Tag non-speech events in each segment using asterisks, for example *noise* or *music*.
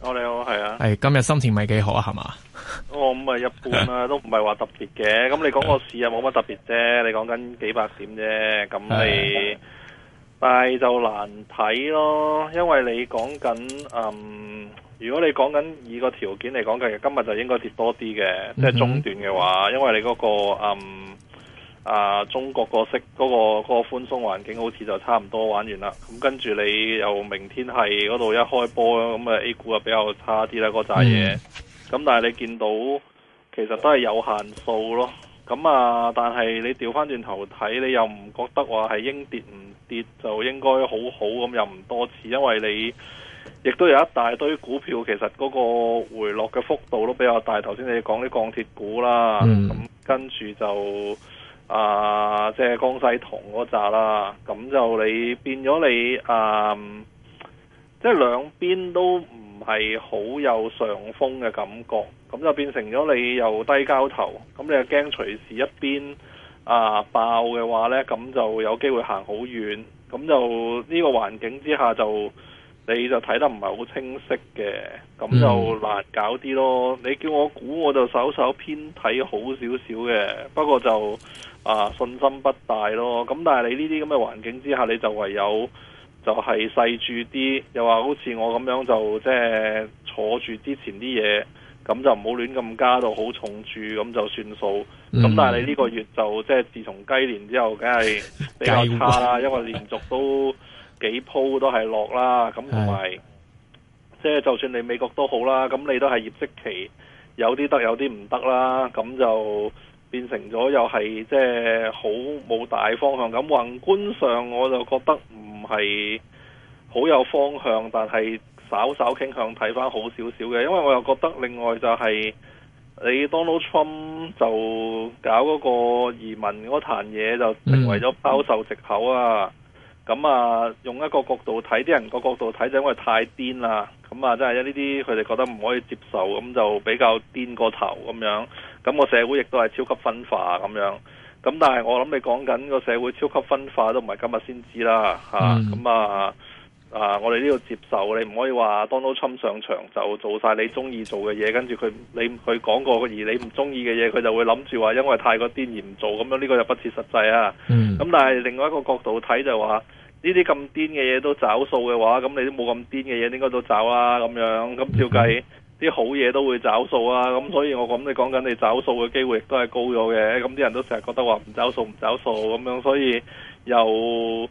我、oh, 你好，係啊，係今日心情唔係幾好、 *laughs* oh, 啊，係嘛？我唔係，一般啦，都唔係話特別嘅。咁你講個市又冇乜特別啫，你講緊幾百點啫，咁你 *laughs* 但係就難睇咯，因為你講緊，嗯，如果你講緊以個條件嚟講嘅，今日就應該跌多啲嘅，mm hmm. 即係中段嘅話，因為你嗰、那個，嗯。啊！中國個息嗰個嗰個寬鬆環境好似就差唔多玩完啦。咁跟住你又明天係嗰度一開波咁啊，A 股啊比較差啲啦個陣嘢。咁、嗯、但係你見到其實都係有限數咯。咁啊，但係你調翻轉頭睇，你又唔覺得話係應跌唔跌就應該好好咁又唔多似，因為你亦都有一大堆股票其實嗰個回落嘅幅度都比較大。頭先你講啲鋼鐵股啦，咁跟住就。啊，即係、呃就是、江西銅嗰扎啦，咁就你變咗你，啊、呃，即、就、係、是、兩邊都唔係好有上風嘅感覺，咁就變成咗你又低交投，咁你又驚隨時一邊啊、呃、爆嘅話呢，咁就有機會行好遠，咁就呢個環境之下就。你就睇得唔係好清晰嘅，咁就難搞啲咯。嗯、你叫我估我就稍稍偏睇好少少嘅，不過就啊信心不大咯。咁但係你呢啲咁嘅環境之下，你就唯有就係細住啲，又話好似我咁樣就即係、就係、坐住之前啲嘢，咁就唔好亂咁加到好重注，咁就算數。咁、嗯、但係你呢個月就即係、就係、自從雞年之後，梗係比較差啦， *laughs* 因為連續都。 *laughs* 幾鋪都係落啦，咁同埋即係就算你美國都好啦，咁你都係業績期有啲得有啲唔得啦，咁就變成咗又係即係好冇大方向。咁宏觀上我就覺得唔係好有方向，但係稍稍傾向睇返好少少嘅，因為我又覺得另外就係、是、你 Donald Trump 就搞嗰個移民嗰壇嘢就成為咗包售藉口啊。嗯嗯咁啊，用一個角度睇，啲人個角度睇就因為太癲啦，咁啊，真係呢啲佢哋覺得唔可以接受，咁就比較癲過頭咁樣。咁個社會亦都係超級分化咁樣。咁但係我諗你講緊個社會超級分化都唔係今日先知啦，嚇咁啊。啊！我哋呢度接受你，唔可以話當都侵上場就做晒你中意做嘅嘢，跟住佢你佢講過而你唔中意嘅嘢，佢就會諗住話因為太過癲而唔做，咁樣呢個就不切實際啊！咁、mm hmm. 嗯、但係另外一個角度睇就話呢啲咁癲嘅嘢都找數嘅話，咁你都冇咁癲嘅嘢應該都找啦，咁樣咁照計啲好嘢都會找數啊！咁所以我咁你講緊你找數嘅機會亦都係高咗嘅，咁啲人都成日覺得話唔找數唔找數咁樣，所以又。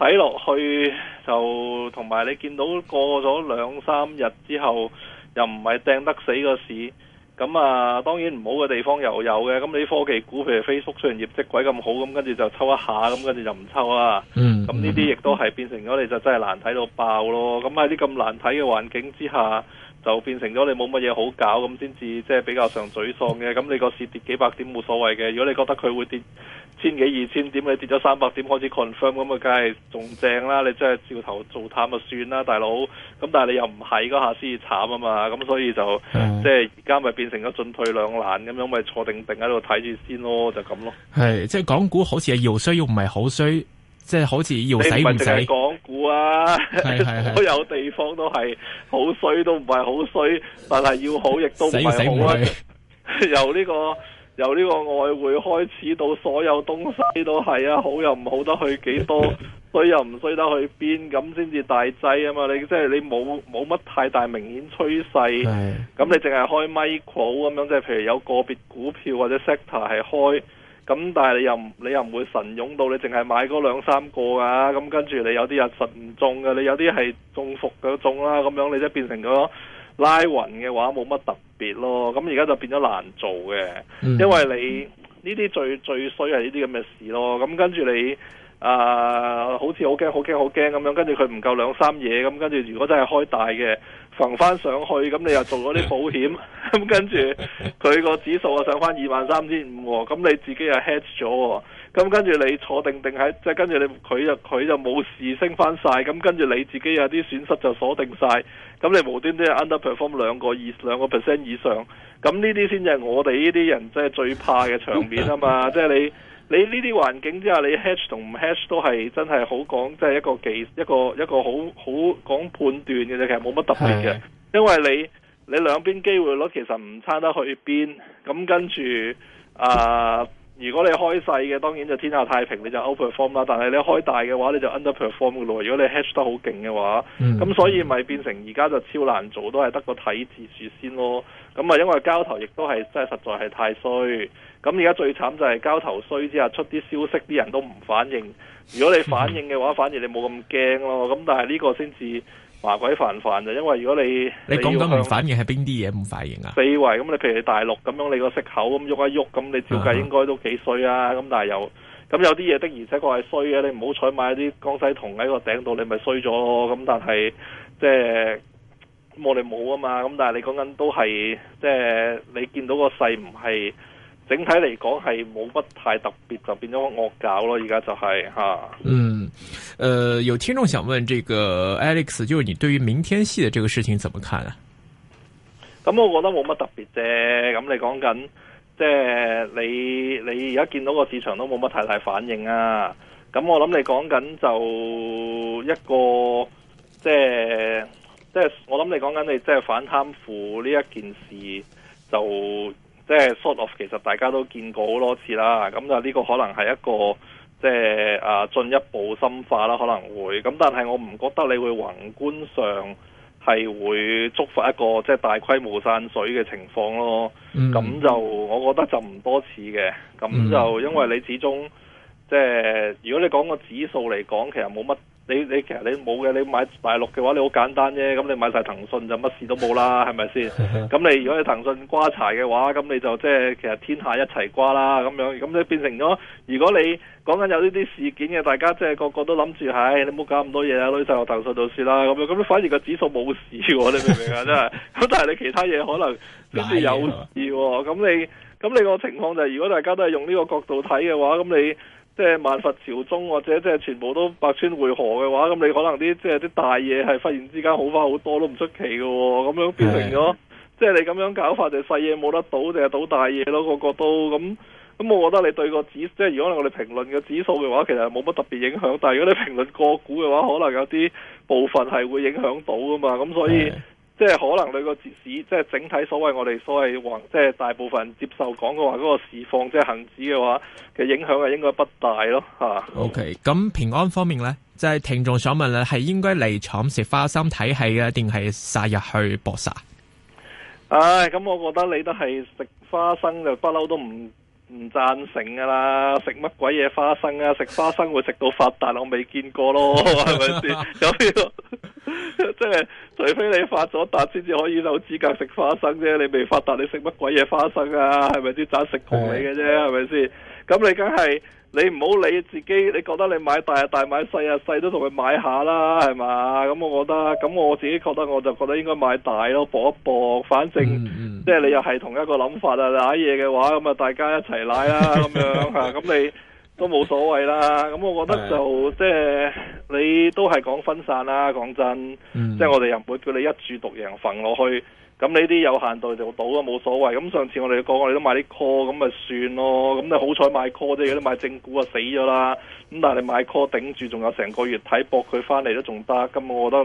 睇落去就同埋你見到過咗兩三日之後，又唔係掟得死個市，咁啊當然唔好嘅地方又有嘅。咁你啲科技股譬如 Facebook 雖然業績鬼咁好，咁跟住就抽一下，咁跟住就唔抽啦。咁呢啲亦都係變成咗你就真係難睇到爆咯。咁喺啲咁難睇嘅環境之下，就變成咗你冇乜嘢好搞，咁先至即係比較上沮喪嘅。咁你個市跌幾百點冇所謂嘅，如果你覺得佢會跌。千幾二千點你跌咗三百點開始 confirm 咁啊，梗係仲正啦！你真係照頭做淡啊，算啦，大佬。咁但係你又唔係嗰下先至慘啊嘛，咁所以就即係而家咪變成咗進退兩難咁樣，咪坐定定喺度睇住先咯，就咁咯。係即係港股好似係要衰又唔係好衰，即係好似要死唔死。你唔係淨係港股啊， *laughs* 所有地方都係好衰都唔係好衰，但係要好亦都唔係好啊。由呢個。由呢個外匯開始到所有東西都係啊，好又唔好得去幾多， *laughs* 衰又唔衰得去邊咁先至大劑啊嘛！你即係你冇冇乜太大明顯趨勢，咁 *laughs* 你淨係開 micro 咁樣，即係譬如有個別股票或者 sector 係開，咁但係你又你又唔會神湧到，你淨係買嗰兩三個啊。咁跟住你有啲人神唔中㗎，你有啲係中伏嗰種啦，咁樣你即係變成咗。拉勻嘅話，冇乜特別咯，咁而家就變咗難做嘅，嗯、因為你呢啲最最衰係呢啲咁嘅事咯，咁跟住你。啊！Uh, 好似好驚、好驚、好驚咁樣，跟住佢唔夠兩三嘢咁，跟住如果真係開大嘅，逢翻上去咁，你又做咗啲保險，咁跟住佢個指數啊上翻二萬三千五，咁你自己又 hedge 咗，咁跟住你坐定定喺，即係跟住你佢又佢就冇事升翻晒，咁跟住你自己有啲損失就鎖定晒。咁你無端端 underperform 兩個二兩個 percent 以上，咁呢啲先至係我哋呢啲人即係最怕嘅場面啊嘛，即係 *laughs* 你。你呢啲環境之下，你 hedge 同唔 hedge 都係真係好講，即、就、係、是、一個技、一個一個好好講判斷嘅啫。其實冇乜特別嘅，的因為你你兩邊機會率其實唔差得去邊。咁跟住啊，如果你開細嘅，當然就天下太平，你就 outperform 啦。但係你開大嘅話，你就 underperform 嘅路。如果你 hedge 得好勁嘅話，咁、嗯、所以咪變成而家就超難做，都係得個睇字樹先咯。咁啊，因為交投亦都係真係實在係太衰。咁而家最慘就係交頭衰之下出啲消息，啲人都唔反應。如果你反應嘅話，嗯、反而你冇咁驚咯。咁但係呢個先至麻鬼煩煩就因為如果你你講緊唔反應係邊啲嘢唔反應啊？四圍咁，你譬如你大陸咁樣，你個息口咁喐一喐，咁你照計應該都幾衰啊。咁但係又咁有啲嘢的，而且確係衰嘅。你唔好彩買啲江西銅喺個頂度，你咪衰咗咯。咁但係即係我哋冇啊嘛。咁但係你講緊都係即係你見到個勢唔係。整體嚟講係冇乜太特別，就變咗惡搞咯。而家就係、是、吓。啊、嗯，誒、呃，有聽眾想問，這個 Alex，就你對於明天係的這個事情怎麼看啊？咁、嗯、我覺得冇乜特別啫。咁、嗯、你講緊，即係你你而家見到個市場都冇乜太大反應啊。咁、嗯、我諗你講緊就一個，即係即係我諗你講緊你即係反貪腐呢一件事就。即係 sort of，其實大家都見過好多次啦。咁就呢個可能係一個即係啊進一步深化啦，可能會咁。但係我唔覺得你會宏觀上係會觸發一個即係、就是、大規模散水嘅情況咯。咁就我覺得就唔多似嘅。咁就因為你始終即係如果你講個指數嚟講，其實冇乜。你你其實你冇嘅，你買大陸嘅話你好簡單啫，咁你買晒騰訊就乜事都冇啦，係咪先？咁你如果係騰訊瓜柴嘅話，咁你就即係其實天下一齊瓜啦咁樣，咁你變成咗，如果你講緊有呢啲事件嘅，大家即係個，個個都諗住係你唔好搞咁多嘢啊，拉曬落騰訊就算啦咁樣，咁反而個指數冇事喎，你明唔明啊？真係，咁但係你其他嘢可能跟住有事喎，咁你咁你個情況就係，如果大家都係用呢個角度睇嘅話，咁你。即係萬佛朝宗，或者即係全部都百川匯河嘅話，咁你可能啲即係啲大嘢係忽然之間好翻好多都唔出奇嘅、哦，咁樣變成咗，即係是的 你咁樣搞法就細嘢冇得到，淨係到大嘢咯，個個都咁。咁我覺得你對個指，即係如果我哋評論嘅指數嘅話，其實冇乜特別影響。但係如果你評論個股嘅話，可能有啲部分係會影響到噶嘛。咁所以。即係可能你個截市，即係整體所謂我哋所謂黃，即係大部分人接受講嘅話，嗰、那個市況即係恒指嘅話嘅影響係應該不大咯，吓。OK，咁平安方面咧，即係聽眾想問咧，係應該離場食花生睇戲嘅，定係晒入去搏殺？唉、哎，咁我覺得你都係食花生就不嬲都唔。唔贊成噶啦，食乜鬼嘢花生啊？食花生會食到發達，我未見過咯，係咪先？有邊個？ *laughs* 即係除非你發咗達，先至可以有資格食花生啫。你未發達，你食乜鬼嘢花生啊？係咪先？盞食窮你嘅啫，係咪先？ *laughs* *laughs* *laughs* 咁你梗係，你唔好理自己，你覺得你買大啊大買細啊細都同佢買下啦，係嘛？咁我覺得，咁我自己覺得我就覺得應該買大咯，搏一搏，反正、嗯嗯、即係你又係同一個諗法啊，瀨嘢嘅話，咁啊大家一齊瀨啦咁樣吓，咁 *laughs* 你都冇所謂啦。咁我覺得就、嗯、即係你都係講分散啦，講真，嗯、即係我哋又唔會叫你一注獨贏瞓落去。咁呢啲有限度就賭啊，冇所謂。咁上次我哋講，我哋都買啲 call，咁咪算咯。咁你好彩買 call 啫，如果你買正股啊，死咗啦。咁但係你買 call 頂住，仲有成個月睇，搏佢翻嚟，都仲得。咁我覺得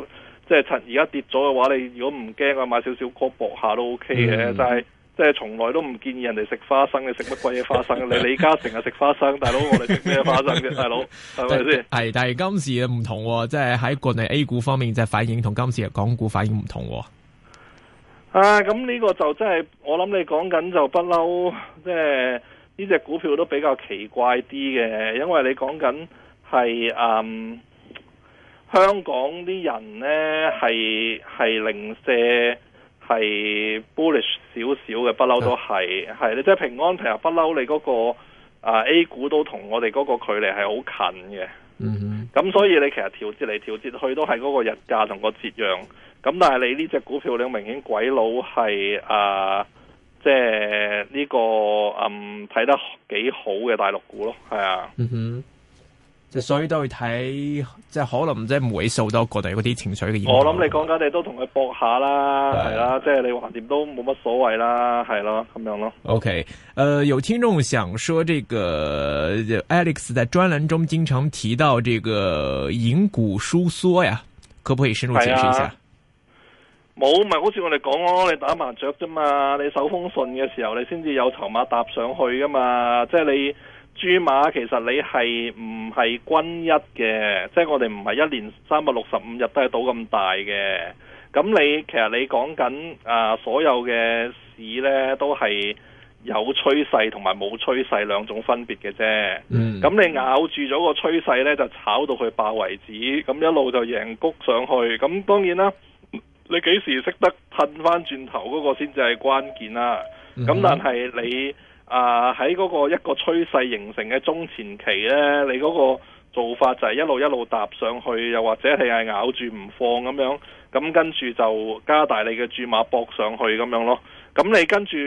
即係趁而家跌咗嘅話，你如果唔驚啊，買少少 call 搏下都 OK 嘅。嗯、但係即係從來都唔建議人哋食花生嘅，食乜鬼嘢花生？你，生 *laughs* 你李嘉誠啊食花生，大佬我哋食咩花生嘅，大佬係咪先？係， *laughs* 但係今次嘅唔同，即係喺國內 A 股方面，即、就、係、是、反應同今次嘅港股反應唔同。啊，咁呢個就真係我諗你講緊就不嬲、就是，即係呢隻股票都比較奇怪啲嘅，因為你講緊係嗯香港啲人呢係係零舍係 bullish 少少嘅，不嬲都係係、嗯、哼你即係平安平日不嬲、那個，你嗰個 A 股都同我哋嗰個距離係好近嘅，嗯咁哼所以你其實調節嚟調節去都係嗰個日價同個節揚。咁但係你呢隻股票你明顯鬼佬係誒、呃，即係呢、這個嗯睇得幾好嘅大陸股咯，係啊，嗯哼，即所以都要睇，即係可能即係唔會受到各地嗰啲情緒嘅影響。我諗你講緊你都同佢搏下啦，係、啊啊、啦，即係你橫掂都冇乜所謂啦，係咯，咁樣咯。OK，誒、呃，有聽眾想說，這個 Alex 在專欄中經常提到這個銀股收縮呀，可唔可以深入解釋一下？冇，咪好似我哋講咯，你打麻雀啫嘛，你手風順嘅時候，你先至有籌碼搭上去噶嘛。即係你珠馬，其實你係唔係均一嘅，即係我哋唔係一年三百六十五日都係賭咁大嘅。咁你其實你講緊啊、呃，所有嘅市呢，都係有趨勢同埋冇趨勢兩種分別嘅啫。咁、嗯、你咬住咗個趨勢呢，就炒到佢爆為止，咁一路就贏谷上去。咁當然啦。你幾時識得褪翻轉頭嗰個先至係關鍵啦、啊？咁但係你啊，喺嗰個一個趨勢形成嘅中前期呢，你嗰個做法就係一路一路搭上去，又或者係係咬住唔放咁樣，咁跟住就加大你嘅注碼搏上去咁樣咯。咁你跟住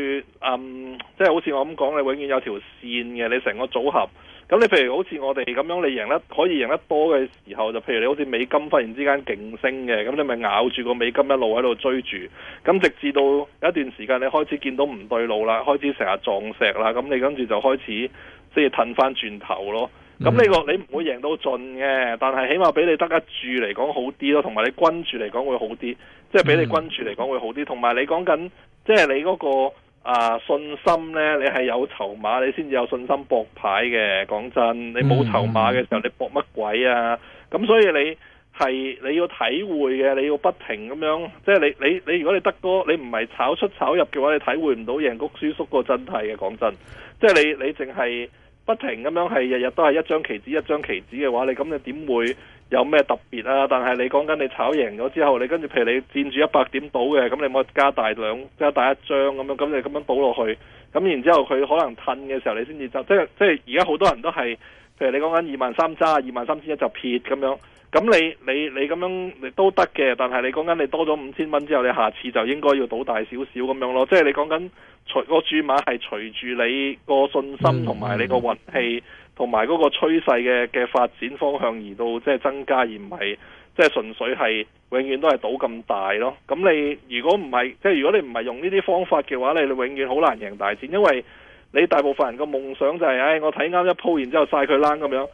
嗯，即係好似我咁講，你永遠有條線嘅，你成個組合。咁你譬如好似我哋咁樣，你贏得可以贏得多嘅時候，就譬如你好似美金忽然之間勁升嘅，咁你咪咬住個美金一路喺度追住，咁直至到有一段時間你開始見到唔對路啦，開始成日撞石啦，咁你跟住就開始即係褪翻轉頭咯。咁呢個你唔會贏到盡嘅，但係起碼畀你得一注嚟講好啲咯，同埋你均住嚟講會好啲，即係畀你均住嚟講會好啲，同埋你講緊即係你嗰、那個。啊，信心呢，你係有籌碼你先至有信心博牌嘅。講真，你冇籌碼嘅時候，你博乜鬼啊？咁所以你係你要體會嘅，你要不停咁樣，即係你你你如果你得多，你唔係炒出炒入嘅話，你體會唔到贏谷輸縮個真諦嘅。講真，即係你你淨係不停咁樣係日日都係一張棋子一張棋子嘅話，你咁你點會？有咩特別啊？但係你講緊你炒贏咗之後，你跟住譬如你佔住一百點賭嘅，咁你可加大兩加大一張咁樣，咁你咁樣賭落去，咁然之後佢可能褪嘅時候你，你先至就即係即係而家好多人都係譬如你講緊二萬三揸，二萬三千一就撇咁樣，咁你你你咁樣你都得嘅，但係你講緊你多咗五千蚊之後，你下次就應該要賭大少少咁樣咯，即係你講緊、嗰個、隨個注碼係隨住你個信心同埋你個運氣。嗯嗯嗯同埋嗰個趨勢嘅嘅發展方向，而到即係增加，而唔係即係純粹係永遠都係賭咁大咯。咁你如果唔係，即係如果你唔係用呢啲方法嘅話咧，你永遠好難贏大戰，因為你大部分人個夢想就係、是，唉、哎，我睇啱一鋪，然之後晒佢冷咁樣。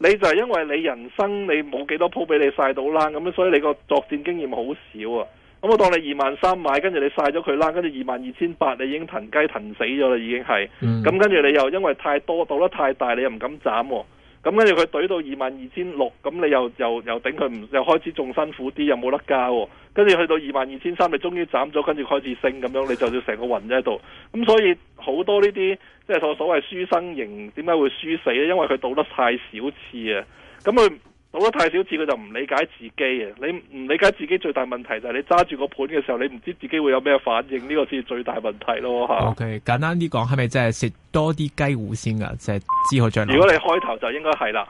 你就係因為你人生你冇幾多鋪俾你晒到冷咁樣，所以你個作戰經驗好少啊。咁我當你二萬三買，跟住你晒咗佢啦，跟住二萬二千八，你已經騰雞騰死咗啦，已經係。咁、嗯、跟住你又因為太多，賭得太大，你又唔敢斬、哦。咁跟住佢懟到二萬二千六，咁你又又又頂佢唔，又開始仲辛苦啲，又冇得加、哦。跟住去到二萬二千三，你終於斬咗，跟住開始升咁樣，你就要成個暈喺度。咁、嗯、所以好多、就是、呢啲即係所所謂輸生型，點解會輸死咧？因為佢賭得太少次啊，咁佢。補得太少字佢就唔理解自己啊！你唔理解自己最大問題就係你揸住個盤嘅時候你唔知自己會有咩反應呢個先最大問題咯吓。OK 簡單啲講係咪真係食多啲雞糊先噶即係知好着如果你開頭就應該係啦。